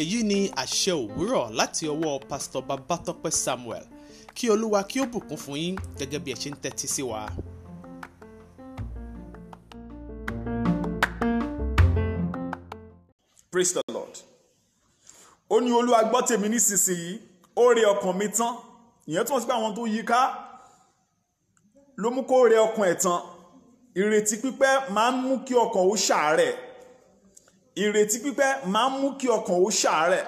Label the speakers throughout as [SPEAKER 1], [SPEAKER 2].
[SPEAKER 1] èyí ni àṣẹ òwúrọ̀ láti ọwọ́ pásítọ̀ Babátọ́pẹ́ Samuel kí Olúwa kí ó bùkún fún yín gẹ́gẹ́ bí ẹ ṣe ń tẹ́tí sí wa. Praise the Lord. ó ní Olúwa gbọ́ tèmi nísinsìnyí ó rẹ ọkàn mi tán ìyẹn túmọ̀ sí pé àwọn tó yí ká ló mú kó rẹ ọkàn ẹ̀ tán ìrètí pípẹ́ máa ń mú kí ọkàn ó ṣàárẹ̀ ìrètí pípẹ́ máa ń mú kí ọkàn ó ṣàárẹ̀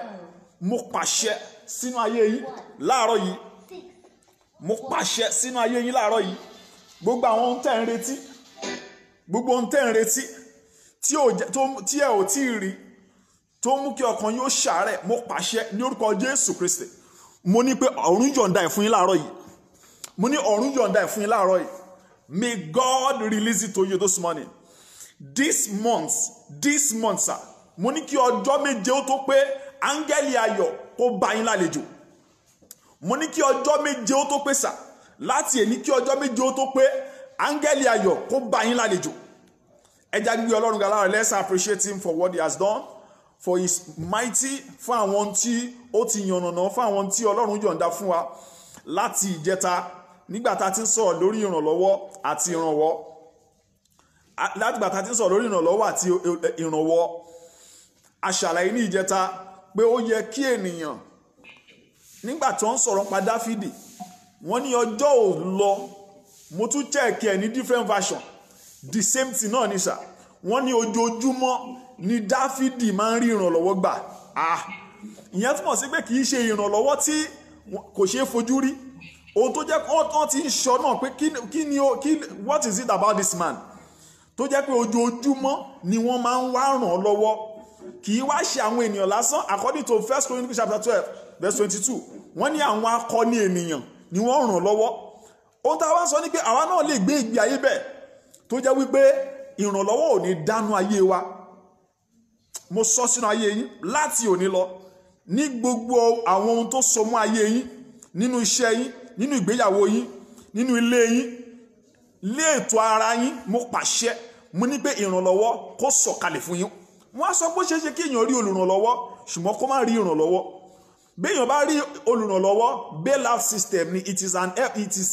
[SPEAKER 1] mo pàṣẹ sínú ayé yìí láàárọ̀ yìí mo pàṣẹ sínú ayé yín láàárọ̀ yìí gbogbo àwọn ohun tẹ́ ń retí gbogbo ohun tẹ́ ń retí tí ẹ ò tí ì rí tó mú kí ọkàn yóò ṣàárẹ̀ mo pàṣẹ ní orúkọ Jésù Kristi mo ní pé ọ̀run yọ̀ǹda ẹ̀ fún yín láàárọ̀ yìí mo ní ọ̀run yọ̀ǹda ẹ̀ fún yín láàárọ̀ yìí May God release it to you this morning. This month, this month, sir, mo ní kí ọjọ́ méje ó tó pé áńgẹ́lì ayọ̀ kó bá yín lálejò. Mo ní kí ọjọ́ méje ó tó pé sà láti èní kí ọjọ́ méje ó tó pé áńgẹ́lì ayọ̀ kó bá yín lálejò. Ẹja gbígbé Ọlọ́run gàlá rẹ̀ let's appreciate him for what he has done for his mighty fún àwọn tí ó ti yànnàná fún àwọn tí Ọlọ́run yọ̀ǹda fún wa láti ìjẹta nígbà tá a ti ń sọ̀rọ̀ lórí ìrànlọ́wọ́ àti ìrànwọ́ látìgbà tá a ti ń sọ̀rọ̀ lórí ìrànlọ́wọ́ àti e, e, ìrànwọ́ a ṣàlàyé ní ìjẹta pé ó yẹ kí ènìyàn nígbà tó ń sọ̀rọ̀ pa Dáfídì wọ́n ní ọjọ́ ò lọ mo tún chẹ́ẹ̀kì ẹ̀ ní different version the same thing náà ni sà wọ́n ní ojoojúmọ́ ni Dáfídì máa ń rí ìrànlọ́wọ́ gbà ah ìyẹn túmọ̀ sí pé kì í ṣe ìrànlọ́wọ́ tí kò ṣeé fojú rí ohun tó jẹ́ wọ́n ti ń sọ náà pé kí ni o kí what is it about this man tó jẹ́ pé ojoojúmọ́ ni wọ́n máa ń wá ràn ọ́ lọ́wọ́ kì í wá ṣe àwọn ènìyàn lásán according to first Corinthians chapter twelve verse twenty two wọ́n ní àwọn akọni ènìyàn ni wọ́n ràn lọ́wọ́ ohun tá a wá sọ ni pé àwa náà lè gbé ìgbé ayé bẹ́ẹ̀ tó jẹ́ wípé ìrànlọ́wọ́ ò ní dánú ayé wa mo sọ sínú ayé yín láti òní lọ ní gbogbo àwọn ohun tó so mọ́ ayé yín nínú iṣẹ́ yín nínú ìgbéyàwó yín nínú ilé yín lé ètò ara yín mo pàṣẹ mo ní pé ìrànlọ́wọ́ kó sọ̀kalẹ̀ fún yín wọ́n á sọ pé ṣeéṣe kí èèyàn rí olùrànlọ́wọ́ ṣùgbọ́n kó má rí ìrànlọ́wọ́ béèyàn bá rí olùrànlọ́wọ́ bailout system ni it is an it is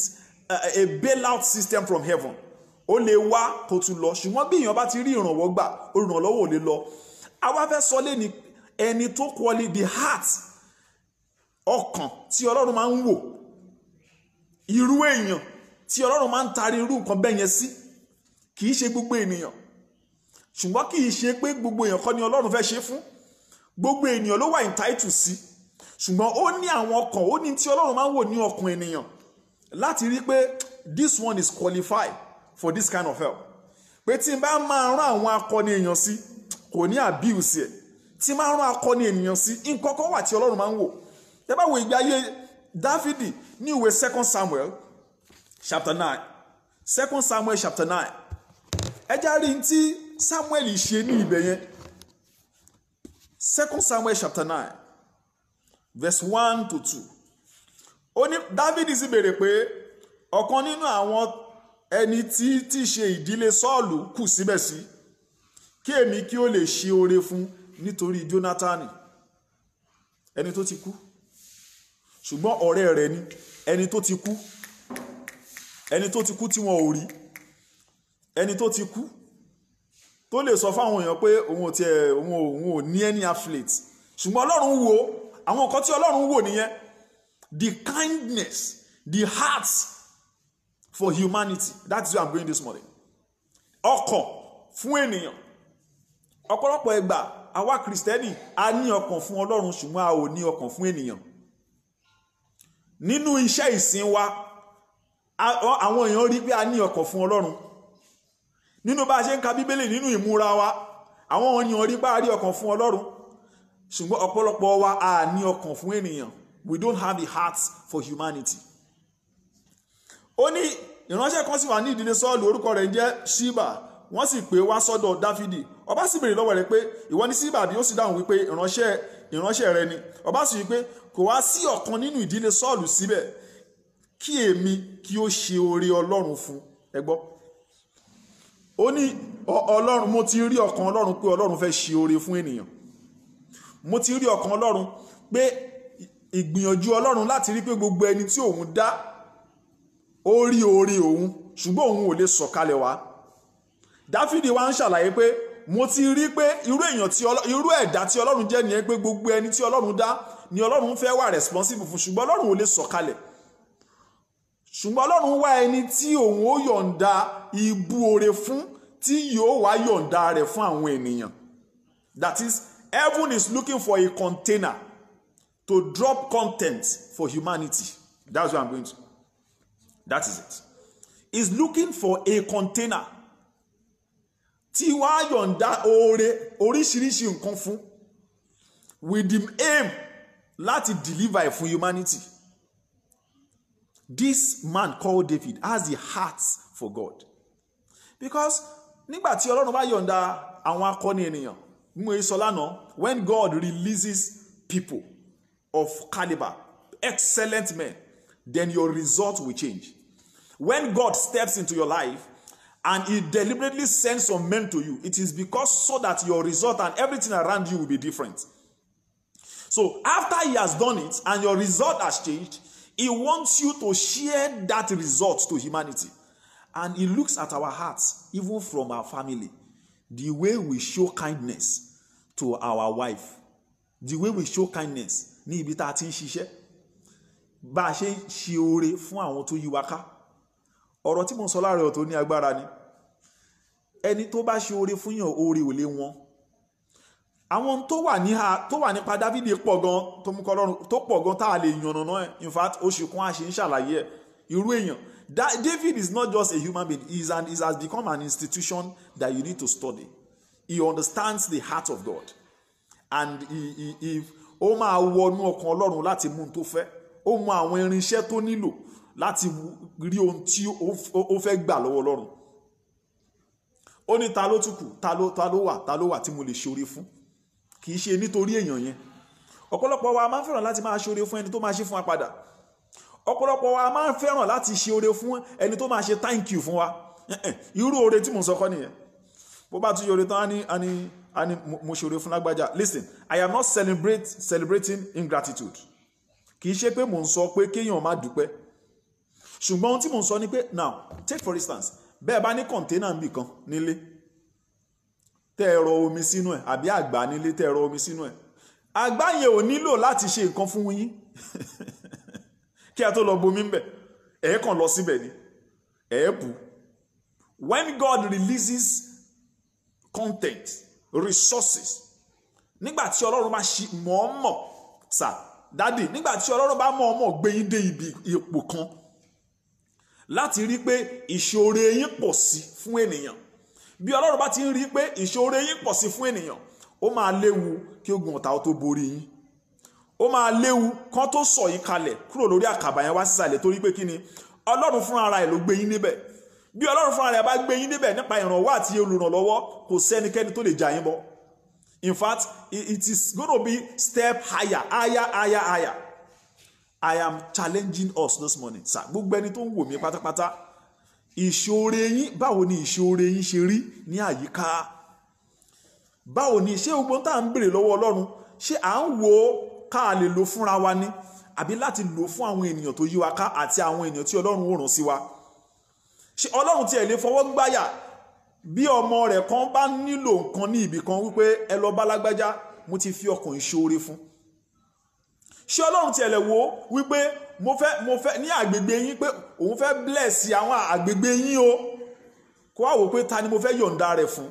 [SPEAKER 1] a bailout system from heaven ó lè wá kó tún lọ ṣùgbọ́n bí èèyàn bá ti rí ìrànwọ́ gbà olùrànlọ́wọ́ ò lè lọ àwa fẹ́ sọ lé ní ẹni tó kọ́lé the heart ọkàn tí ọlọ́run máa ń wò irú èèyàn tí ọlọ́run máa ń taari irú nǹkan bẹ́ẹ̀ yẹn sí kì í ṣe gbogbo ènìyàn ṣùgbọ́n kì í ṣe pé gbogbo èèyàn kọ́ ni ọlọ́run fẹ́ ṣe fún gbogbo ènìyàn ló wà entitled sí ṣùgbọ́n ó ní àwọn ọkàn ó ní tí ọlọ́run máa ń wò ní ọkàn ènìyàn láti rí pé this one is qualified for this kind of help pé tí n bá máa rán àwọn akọni èèyàn sí kò ní abuse ẹ̀ tí n máa rán akọni ènìyàn sí nǹkan kan wà tí ọlọ́run máa ń wò ẹ bá wo ìgbé ayé Dáfídì ní ìwé second Samuel chapter nine second Samuel chapter nine ẹja rí n tí Samuel ṣe ní ibẹ̀ yẹn second Samuel chapter nine verse one to two ó ní Dáfídì sì béèrè pé ọ̀kan nínú àwọn ẹni tí tí ṣe ìdílé Sọ́ọ̀lù kù síbẹ̀ sí kí èmi kí ó lè ṣe oore fún nítorí Jónátánì ẹni tó ti kú ṣùgbọ́n ọ̀rẹ́ rẹ̀ ni ẹni tó ti kú ẹni tó ti kú tí wọn ò rí ẹni tó ti kú tó lè sọ fáwọn èèyàn pé òun ò tiẹ̀ òun ò òun ò ní any affiliate ṣùgbọ́n ọlọ́run wo àwọn nǹkan tí ọlọ́run wò nìyẹn the kindness the heart for humanity that is where i'm going this morning ọkàn fún ènìyàn ọ̀pọ̀lọpọ̀ ẹgbà àwa kìrìsìtẹ́nì a ní ọkàn fún ọlọ́run ṣùgbọ́n a ò ní ọkàn fún ènìyàn nínú iṣẹ́ ìsìn wa àwọn èèyàn rí pé a ní ọkọ̀ fún ọlọ́run nínú bá a ṣe ń ka bíbélì nínú ìmúra wa àwọn èèyàn rí pé a rí ọkàn fún ọlọ́run ṣùgbọ́n ọ̀pọ̀lọpọ̀ wa a ní ọkàn fún ènìyàn we don't have the heart for humanity. ó ní ìránṣẹ́ kan sì wà ní ìdílé sọ́ọ̀lù orúkọ rẹ̀ ń jẹ́ ṣíbà wọ́n sì pè wá sọ́dọ̀ dáfídì ọba sì béèrè lọ́wọ́ rẹ̀ pé ìwọ ni ṣíbà bí ó sì dáhùn wípé ìránṣẹ́ ìránṣẹ́ rẹ ni ọba sì wípé kò wá sí ọ̀kan nínú ìdílé sọ́ọ̀lù síbẹ̀ kí èmi kí ó ṣe oore ọlọ́run fún ẹ gbọ́ ó ní ọlọ́run mo ti rí ọkàn ọlọ́run pé ọlọ́run fẹ́ ṣe oore fún ènìyàn mo ti rí ọkàn ọlọ́run pé ìgbìyànjú ọlọ́run láti rí pé gbogbo ẹni tí òun dá ó rí oore òun ṣùgbọ́n òun ò lè sọ̀kalẹ̀ wá dáfídì wa ń ṣàlàyé pé mo ti rí pé irú èèyàn tí irú ẹ̀dá tí ọlọ́run jẹ́ nìyẹn pé gbogbo ẹni tí ọlọ́run dá ni ọlọ́run fẹ́ wà responsible fún ṣùgbọ́n ọlọ́run ò lè sọ̀kalẹ̀ ṣùgbọ́n ọlọ́run wá ẹni tí òun ó yọ̀ǹda ibu oore fún tí yóò wá yọ̀ǹda rẹ̀ fún àwọn ènìyàn that is heaven is looking for a container to drop content for humanity that's what i'm going to that is it is looking for a container tí wàá yọ̀ǹda oore oríṣiríṣi nǹkan fún with the aim láti deliver ẹ̀ fún humanity this man called David has the heart for God because nígbà tí Ọlọ́run bá yọ̀ǹda àwọn akọni ènìyàn mú e sọ lánàá when God releases people of caliber excellent men then your result will change when God steps into your life and he deliberately sends some men to you it is because so that your result and everything around you will be different So after he has done it and your result has changed, he wants you to share that result to humanity. And he looks at our hearts, even from our family. The way we show kindness to our wife, the way we show kindness ní ibi tá a ti ń ṣiṣẹ́, bá a ṣe ń ṣe oore fún àwọn tó yí wa ká. Ọ̀rọ̀ tí mo sọ láàárọ̀ tó ní agbára ni. Ẹni tó bá ṣe oore fún yàn oore ò lè wọn àwọn tó wà nípa Dáfídì pọ̀ gan tó mú kọlọ́run tó pọ̀ gan tá a lè yànnàná ẹ̀ in fact oṣù kan ń ṣàlàyé ẹ̀ irú èèyàn David is not just a human being he is an he has become an institution that you need to study he understands the heart of God and he he he ó máa wọnú ọkàn Ọlọ́run láti mú un tó fẹ́ ó mọ àwọn irinṣẹ́ tó nílò láti rí ohun tí ó fẹ́ gbà lọ́wọ́ Ọlọ́run ó ní ta ló tún kù ta ló ta wà ta ló wà tí mo lè ṣoore fún kì í ṣe nítorí èèyàn yẹn ọ̀pọ̀lọpọ̀ wa máa ń fẹ́ràn láti máa ṣe oore fún ẹni tó máa ṣe fún wa padà ọ̀pọ̀lọpọ̀ wa máa ń fẹ́ràn láti ṣe oore fún ẹni tó máa ṣe thank you fún wa irú oore tí mò ń sọkọ́ nìyẹn bó bá tún yọ oore tán á ní á ní á ní mo ṣe oore fún lágbájá listen I am not celebrate celebrating ingratitude kì í ṣe pé mò ń sọ pé kéèyàn má dúpẹ́ ṣùgbọ́n ohun tí mò ń sọ ni pé now take for instance bẹ́ẹ̀ bá ní kọ̀ǹténà níbì kan nílé tẹ́ omi sínú ẹ̀ àbí àgbá nílé tẹ́ omi sínú ẹ̀ àgbá yẹn ò nílò láti ṣe nǹkan fún yín kí a tó lọ bomi ń bẹ̀ ẹ̀ kàn lọ síbẹ̀ ni ẹ̀ bù when God releases content resources nígbà tí ọlọ́run bá ṣe mọ̀ọ́mọ̀ sà dádì nígbà tí ọlọ́run bá mọ̀ọ́mọ̀ gbé yín dé ibi ipò kan láti rí pé ìṣòro yín pọ̀ sí fún ènìyàn bí ọlọ́run bá ti ń rí i pé ìṣòro yín pọ̀ sí fún ènìyàn ó máa léwu kí ogun ọ̀tá ó tó borí yín ó máa léwu kán tó sọ yín kalẹ̀ kúrò lórí àkàbà yẹn wá sísàlẹ̀ torí pé kí ni ọlọ́run fúnra ara ẹ̀ ló gbé yín níbẹ̀ bí ọlọ́run fúnra rẹ̀ bá gbé yín níbẹ̀ nípa ìrànwọ́ àti olùrànlọ́wọ́ kò sẹ́nikẹ́ni tó lè jà yín bọ́ in fact it is going to be step higher higher higher higher i am challenging us this morning sir gbogbo ẹni tó ń wò mí pátápátá ìṣòro yín báwo ni ìṣòro yín ṣe rí ní àyíká báwo ni ṣé gbogbo tá à ń béèrè lọ́wọ́ ọlọ́run ṣé à ń wo ká a lè lò fúnra wa ni àbí láti lò fún àwọn ènìyàn tó yí wa ká àti àwọn ènìyàn tí ọlọ́run ò ràn sí wa ṣé ọlọ́run tiẹ̀ lè fọwọ́ gbáyà bí ọmọ rẹ̀ kan bá nílò nǹkan ní ibì kan wípé ẹ lọ bá mo ti fi ọkàn ìṣoore fún ṣé ọlọ́run tiẹ̀ lè wo wípé mo fẹ́ mo fẹ́ ní àgbègbè yín pé òun fẹ́ bless àwọn àgbègbè yín o kó wá wò pé ta ni mo fẹ́ yọ̀ǹda rẹ̀ fún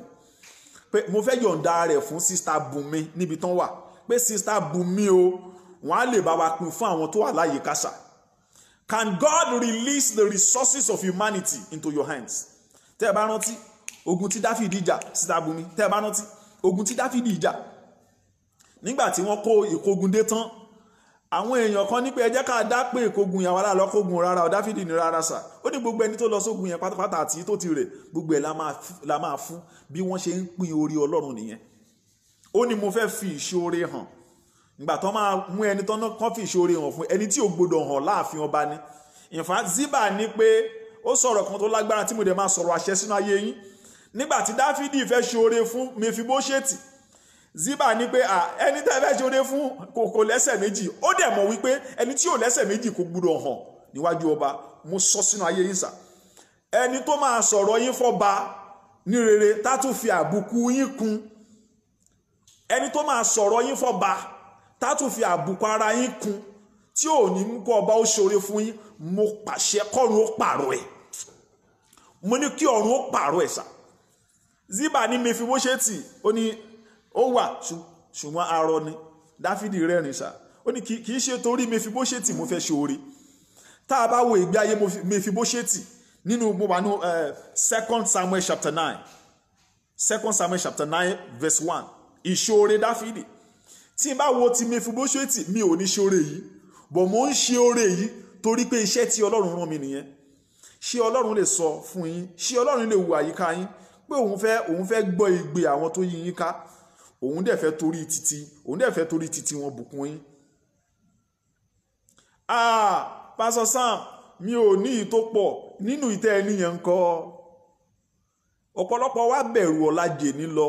[SPEAKER 1] pé mo fẹ́ yọ̀ǹda rẹ̀ fún sista Bùnmi níbi tán wà pé sista Bùnmi o wọ́n á lè bá wa pín fún àwọn tó wà láyé kásá can God release the resources of humanity into your hands tẹ́ ẹ bá rántí ogun tí Dáfídì jà sista Bùnmi tẹ́ ẹ bá rántí ogun tí Dáfídì jà nígbà tí wọ́n kó ìkógun dé tán àwọn èèyàn kan ní pé ẹ jẹ́ ká dá pé ìkógun yàwó ara lọ kógun rárá o Dáfídì ní rárá sà ó ní gbogbo ẹni tó lọ sógun yẹn pátápátá àti tó ti rè gbogbo ẹ̀ la máa fún bí wọ́n ṣe ń pín orí Ọlọ́run nìyẹn ó ní mo fẹ́ fi ìṣoore hàn ìgbà tó máa mú ẹni tó náà kán fi ìṣoore hàn fún ẹni tí ò gbọdọ̀ hàn láàfin ọba ni in fact Ziba ní pé ó sọ̀rọ̀ kan tó lágbára tí mo dẹ̀ máa sọ̀rọ̀ àṣẹ sínú ayé yín nígbà tí Dáfídì fẹ́ ṣoore fún Mefibóṣẹ́tì ziba ní pé ẹni tẹ́ fẹ́ ṣoore fún kò lẹ́sẹ̀ méjì ó dẹ̀ mọ̀ wípé ẹni tí ò lẹ́sẹ̀ méjì kò gbúdọ̀ hàn níwájú ọba mo sọ sínú ayé yín sà ẹni tó máa sọ̀rọ̀ yín fọba ní rere tá tún fi àbùkù yín kún ẹni tó máa sọ̀rọ̀ yín fọba tá tún fi àbùkù ara yín kún tí ò ní kó ọba ó ṣoore fún yín mo pàṣẹ kọ́run ó pààrọ̀ ẹ̀ mo ní kí ọ̀run ó pààrọ̀ ẹ̀ sà ziba ní mi fi wó ṣe tì ó ní ó wà ṣùgbọ́n arọ ni dáfídì rẹ́rìn sá ó ní kì í ṣe torí mefibóṣẹ́tì mo fẹ́ ṣoore tá a bá wo ìgbé ayé mefibóṣẹ́tì nínú mo wà ní second samuel chapter nine second samuel chapter nine verse one ìṣoore dáfídì tí n bá wo ti mefibóṣẹ́tì mi ò ní ṣoore yìí bọ̀ mo ń ṣe oore yìí torí pé iṣẹ́ tí ọlọ́run rán mi nìyẹn ṣé ọlọ́run lè sọ fún yín ṣé ọlọ́run lè wo àyíká yín pé òun fẹ́ òun fẹ́ gbọ́ igbe àwọn tó yí yín ká òun dẹ̀ fẹ́ torí títí òun dẹ̀ fẹ́ torí títí wọn bùkún yín. ah pásọ Sam mi ò ní ìyí tó pọ̀ nínú ìtẹ́ ẹni yẹn ń kọ́ ọ̀pọ̀lọpọ̀ wa bẹ̀rù ọ̀làjè ní lọ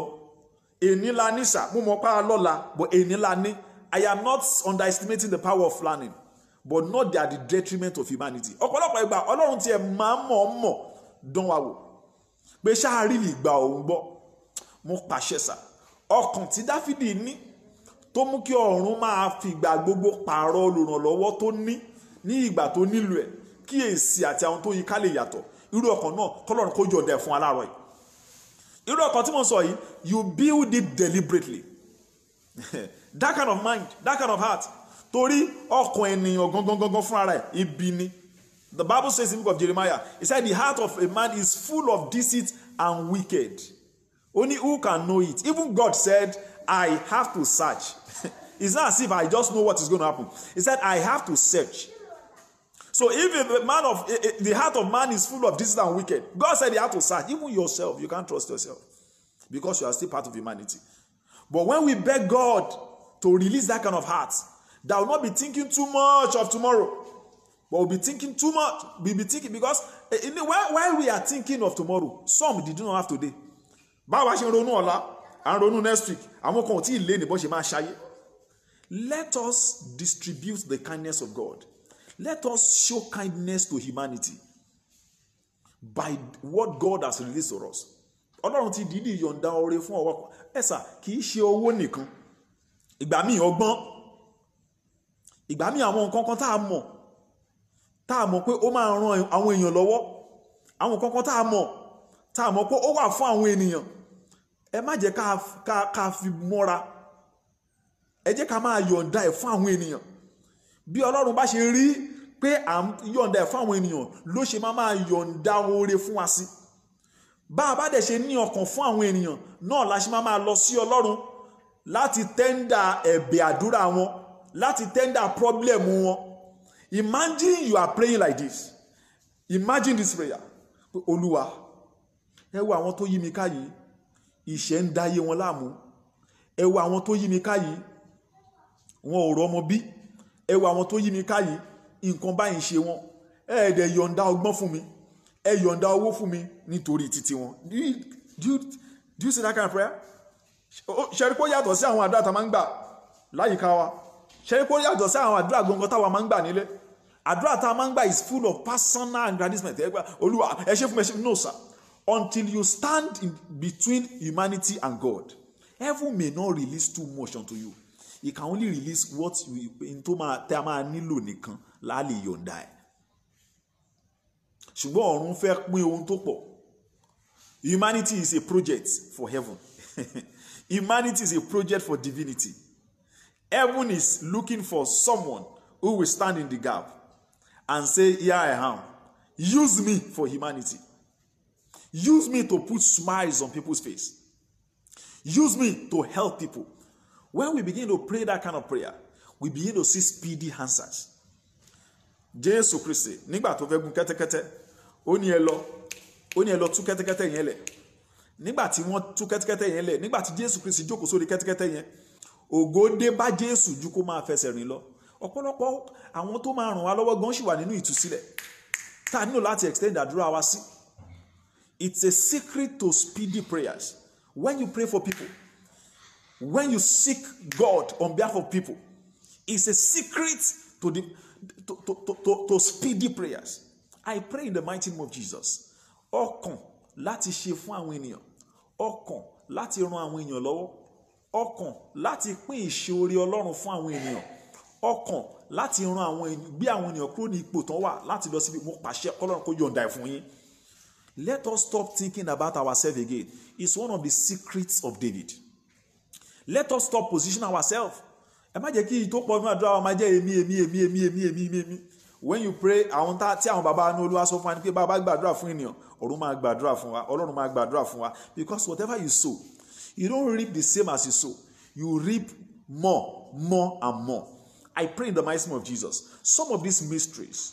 [SPEAKER 1] èní la ní sà mo mọ̀ pa á lọ́la but èní la ní I am not underestimating the power of planning but not at the detriment of humanity ọ̀pọ̀lọpọ̀ ìgbà ọlọ́run tiẹ̀ máa ń mọ̀ ọ́n mọ̀ dán wa wò pé ṣáà rí ìgbà òun gbọ́ mo pàṣẹ sà ọkàn tí dáfídì ní tó mú kí ọ̀run máa fìgbà gbogbo pààrọ̀ olùrànlọ́wọ́ tó ní ní ìgbà tó nílò ẹ̀ kí èsì àti àwọn tó yí ká lè yàtọ̀ irú ọkàn náà kọ́lọ́run kó jọ dẹ̀ fún aláàrọ̀ yìí irú ọkàn tí mo sọ yìí you build it deliberately that kind of mind that kind of heart torí ọkàn ènìyàn gangan gangan fún ara ẹ̀ ibi ni the bible says in the book of jeremiah it said the heart of a man is full of deceit and wicked. Only who can know it. Even God said, I have to search. it's not as if I just know what is going to happen. He said, I have to search. So if the man of the heart of man is full of disease and wicked, God said you have to search. Even yourself, you can't trust yourself because you are still part of humanity. But when we beg God to release that kind of heart, that will not be thinking too much of tomorrow, but will be thinking too much. We'll be thinking because eh, eh, while we are thinking of tomorrow, some did not have today. báwa ṣe ń ronú ọ̀la à ń ronú next week àwọn kan ò tí ì lé ní bó ṣe máa ṣayé let us distribute the kindness of God let us show kindness to humanity by what God has released for us ọlọ́run ti dìídì yọ̀ǹda oore fún ọwọ́ ẹ̀sà kì í ṣe owó nìkan ìgbà míì ọgbọ́n ìgbà míì àwọn nǹkan kan tá a mọ̀ tá a mọ̀ pé ó máa ran àwọn èèyàn lọ́wọ́ àwọn nǹkan kan tá a mọ̀ tá a mọ̀ pé ó wà fún àwọn ènìyàn ẹ má jẹ́ ká fi mọ́ra ẹ jẹ́ ká máa yọ̀ǹda ẹ̀ fún àwọn ènìyàn bí ọlọ́run bá ṣe rí pé à ń yọ̀ǹda ẹ̀ fún àwọn ènìyàn ló ṣe máa máa yọ̀ǹda oore fún wa sí bá a bá dẹ̀ ṣe ní ọkàn fún àwọn ènìyàn náà la ṣe máa máa lọ sí ọlọ́run láti tẹ́ńdà ẹ̀bẹ̀ àdúrà wọn láti tẹ́ńdà problem wọn imagine you are praying like this imagine this prayer olúwa ẹ wo àwọn tó yí mi ká ìṣẹ́ ń dáyé wọn láàmú ẹ wo àwọn tó yí mi ká wọn ò rọ́mọ bí ẹ wo àwọn tó yí mi ká nǹkan báyìí ṣe wọn ẹ ẹ̀ yọ̀ǹda ọgbọ́n fún mi ẹ yọ̀ǹda owó fún mi nítorí títí wọn do you do you do you see that kind of prayer ṣẹ́rí kó yàtọ̀ sí àwọn àdúrà tá a máa ń gbà láyìíká wa ṣẹ́rí kó yàtọ̀ sí àwọn àdúrà gbọ̀ngàn táwa máa ń gbà nílé àdúrà tá a máa ń gbà is full of personal agradecement ẹ gbà olúwa ẹ ṣe fún mi ẹ ṣe fún mi no sir until you stand in between humanity and God. Heaven may not release too much unto you. It can only release what you into máa tẹ́ a máa nílò nìkan láàlè yọ̀ǹda ẹ̀. Ṣùgbọ́n ọ̀run fẹ́ ohun tó pọ̀. Humanity is a project for heaven. Humanity is a project for divinity. Heaven is looking for someone who will stand in the gap and say, Here I am. Use me for humanity. Use me to put smiles on people's face. Use me to help people. When we begin to pray that kind of prayer, we begin to see speedy answers. Jésù Kristi nígbà tó fẹ́ gun kẹ́tẹ́kẹ́tẹ́ ó ní ẹ lọ ó ní ẹ lọ tú kẹ́tẹ́kẹ́tẹ́ yẹn lẹ̀ nígbà tí wọ́n tú kẹ́tẹ́kẹ́tẹ́ yẹn lẹ̀ nígbà tí Jésù Kristi jókòó sórí kẹ́tẹ́kẹ́tẹ́ yẹn ògo dé bá Jésù ju kó máa fẹsẹ̀ rìn lọ ọ̀pọ̀lọpọ̀ àwọn tó máa ràn wá lọ́wọ́ gan ṣì wà nínú ìtúsílẹ̀ tá nílò láti extend àdúrà wa sí. Si It's a secret to speedy prayers. When you pray for people, when you seek God on behalf of people, it's a secret to, the, to, to, to, to speedy prayers. I pray in the mighty name of Jesus. Ọkàn láti ṣe fún àwọn ènìyàn. Ọkàn láti ran àwọn èèyàn lọ́wọ́. Ọkàn láti pín ìṣòro Ọlọ́run fún àwọn ènìyàn. Ọkàn láti ran àwọn ènìyàn gbé àwọn ènìyàn kúrò ní ipò tán wà láti lọ síbi mo pàṣẹ kọ́lọ́run kó yọ̀ǹda ẹ̀ fún yín. Let us stop thinking about ourselves again. It's one of the secrets of David. Let us stop positioning ourselves. Ẹ má jẹ́ kí ìtò pọ̀ nínú àdúrà wa máa jẹ́ èmi èmi èmi èmi èmi èmi èmi èmi. When you pray, àwọn tá tí àwọn bàbá ní Olúwa sọ fún wa ni pé bàbá gbàdúrà fún ènìyàn, ọ̀run máa gbàdúrà fún wa, Ọlọ́run máa gbàdúrà fún wa. Because whatever you sow, you don't reap the same as you sow. You reap more, more and more. I pray in the mighty name of Jesus. Some of these mysteries,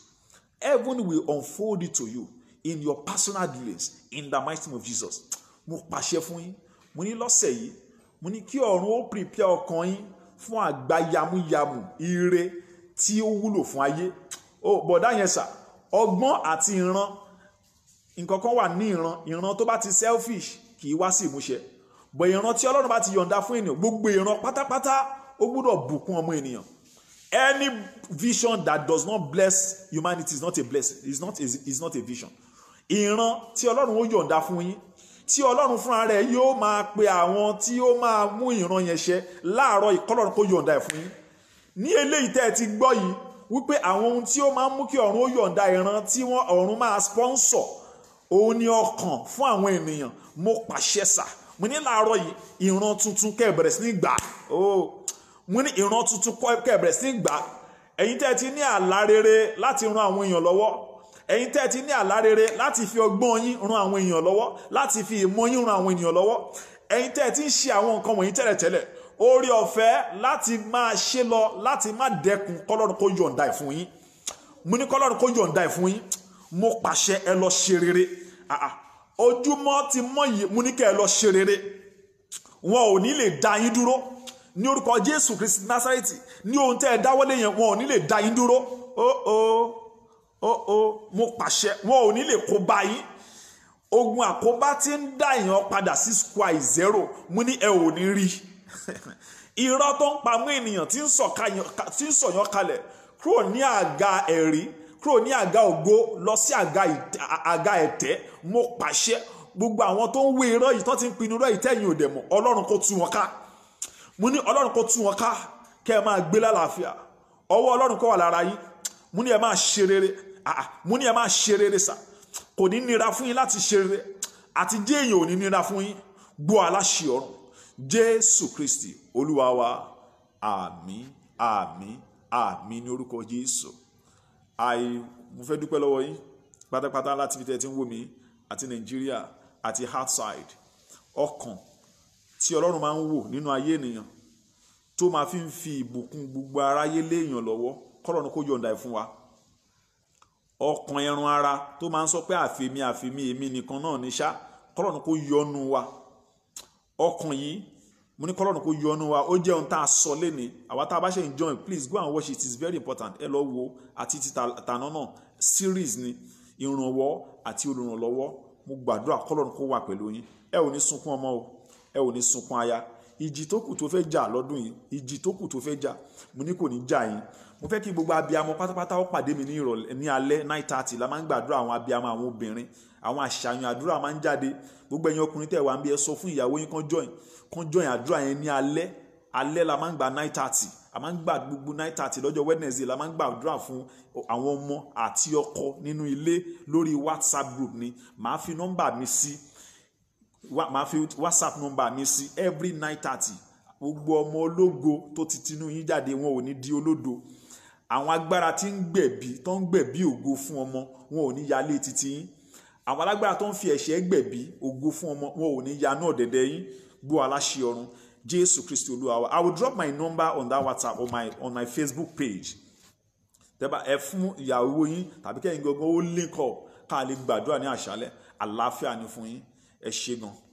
[SPEAKER 1] heaven will unfold it to you in your personal dealings in the mighty name of Jesus mo pàṣẹ fún yín mo ní lọ́sẹ̀ yìí mo ní kí ọ̀run ó prepare ọkàn yín fún àgbà yamuyamu ire tí ó wúlò fún ayé ó bọ̀dá yẹn sà ọgbọ́n àti ìran nǹkan kan wà ní ìran ìran tó bá ti selfish kì í wá sí ìmúṣẹ bọ̀ ìran tí ọlọ́run bá ti yọ̀ǹda fún ènìyàn gbogbo ìran pátápátá ó gbúdọ̀ bùkún ọmọ ènìyàn any vision that does not bless humanity is not a blessing is not a, is not a vision ìran tí ọlọ́run ó yọ̀ǹda fún yín tí ọlọ́run fúnra rẹ̀ yóò máa pe àwọn tí ó máa mú ìran yẹn ṣẹ láàárọ̀ ìkọlọ́run kó yọ̀ǹda ẹ̀ fún yín ní eléyìí tẹ́ ẹ ti gbọ́ yìí wípé àwọn ohun tí ó máa mú kí ọ̀run ó yọ̀ǹda ìran tí wọ́n ọ̀run máa sponsor òun ni ọkàn fún àwọn ènìyàn mo pàṣẹ sà mo ní láàárọ̀ yìí ìran tuntun kẹ́ bẹ̀rẹ̀ sí ní gbà mo ní ìran tuntun kẹ́ bẹ̀rẹ̀ sí ní gbà ẹ̀yin tẹ́ ẹ ti ní àlá rere láti ran àwọn èèyàn lọ́wọ́ ẹ̀yin tẹ́ ti ní àlá láti fi ọgbọ́n yín ran àwọn èèyàn lọ́wọ́ láti fi ìmọ̀ yín ran àwọn ènìyàn lọ́wọ́ ẹ̀yin tẹ́ ti ń ṣe àwọn nǹkan wọ̀nyí tẹ́lẹ̀tẹ́lẹ̀ oore ọ̀fẹ́ láti máa ṣe lọ láti má dẹkùn kọ́lọ́run kó yọ̀ǹda ẹ̀ fún yín mo ní kọ́lọ́run kó yọ̀ǹda ẹ̀ fún yín mo pàṣẹ ẹ lọ ṣe rere ojúmọ́ ti mọ́ yìí mo ní kẹ́ ẹ lọ ṣe rere wọn ò ní lè dá yín dúró ní orúkọ Jésù Kristi Násárẹ́tì ní ohun tẹ́ ẹ dáwọ́lé yẹn wọn ò ní lè dá yín dúró ó ó. Oh oh, mo pàṣẹ wọn ò ní lè kó bá yín ogun àkóbá tí ń dá èèyàn padà sí square zero mo ní ẹ ò ní rí irọ́ tó ń pamọ́ ènìyàn tí ń sọ̀yàn kalẹ̀ kúrò ní àga ẹ̀rí kúrò ní àga ògo lọ sí àga ẹ̀tẹ́ mo pàṣẹ gbogbo àwọn tó ń wé irọ́ yìí tó ti ń pinnu irọ́ yìí tẹ̀yìn ò dẹ̀ mọ̀ ọlọ́run kó tú wọn ká mo ní ọlọ́run kó tú wọn ká kẹ́ ẹ máa gbé lálàáfíà ọwọ́ ọlọ́run kó wà lára yín mo ní ẹ máa ṣe rere Ah, ah, mo ní ẹ máa ṣe rere sà kò ní nira fún yín láti ṣe rere àti jẹ́ èèyàn ò ní nira fún yín gbọ́ aláṣẹ ọ̀run jésù kristi olúwa wa àmín àmín àmín ní orúkọ jésù àì mo fẹ́ dúpẹ́ lọ́wọ́ yín pátápátá láti fi tẹ́ ń wò mí àti nàìjíríà àti outside ọkàn tí ọlọ́run máa ń wò nínú ayé ènìyàn tó máa fi ń fi ìbùkún gbogbo aráyé léèyàn lọ́wọ́ kọ́lọ́run kó yọ̀ǹda ẹ̀ fún wa ọkàn ẹran ara tó máa ń sọ pé àfèmí àfèmí èmi nìkan náà ní ṣá kọ́lọ́nù kó yọnu wa ọkàn yìí mo ní kọ́lọ́nù kó yọnu wa ó jẹ́ ohun tá a sọ léni àwa tá a bá ṣe ń join please go and watch it is very important ẹ lọ wo àti ti tàná náà series ni ìrànwọ́ àti olùrànlọ́wọ́ mo gbàdúrà kọ́lọ́nù kó wà pẹ̀lú yín ẹ ò ní sunkún ọmọ o ẹ ò ní sunkún aya ìjì tó kù tó fẹ́ jà lọ́dún yìí ìjì tó kù tó fẹ́ jà mo ní kò ní jà yín mo fẹ́ kí gbogbo abiyamọ pátápátá ó pàdé mi ní ìrọ̀lẹ́ ní alẹ́ nine thirty la máa ń gbàdúrà àwọn abiyamọ àwọn obìnrin àwọn àṣàyàn àdúrà máa ń jáde gbogbo ẹ̀yin ọkùnrin tẹ̀ wá ń bí ẹ sọ fún ìyàwó yín kán join kán join àdúrà yẹn ní alẹ́ alẹ́ la máa ń gba nine thirty a máa ń gbà gbogbo nine thirty lọ́jọ́ wednesday la máa ń gbàdúrà fún àwọn ọmọ àti ọkọ nínú ilé lórí whatsapp group ni màá fi nọ́mbà mi sí màá fi whatsapp nọ́mbà mi sí every nine thirty gbogbo ọmọ ológo tó ti tinú yín jáde wọn ò ní di olódo àwọn agbára tí ń gbẹ̀bí tó ń gbẹ̀bí ògo fún ọmọ wọn ò ní yálé títí yín àwọn alágbára tó ń fi ẹ̀ṣẹ̀ gbẹ̀bí ògo fún ọmọ wọn ò ní yanú ọ̀dẹ̀dẹ̀ yín gbọ́ aláṣẹ ọ̀run jésù kristi olúwa i will drop my number on that whatsapp on my on my facebook page tẹ́bà ẹ fún ìyàwó yín tàbí kẹ́yìn gangan ó link up ká lè gbàdúrà ní àṣálẹ́ àlàáfíà ni fún yín ẹ ṣe gan-an.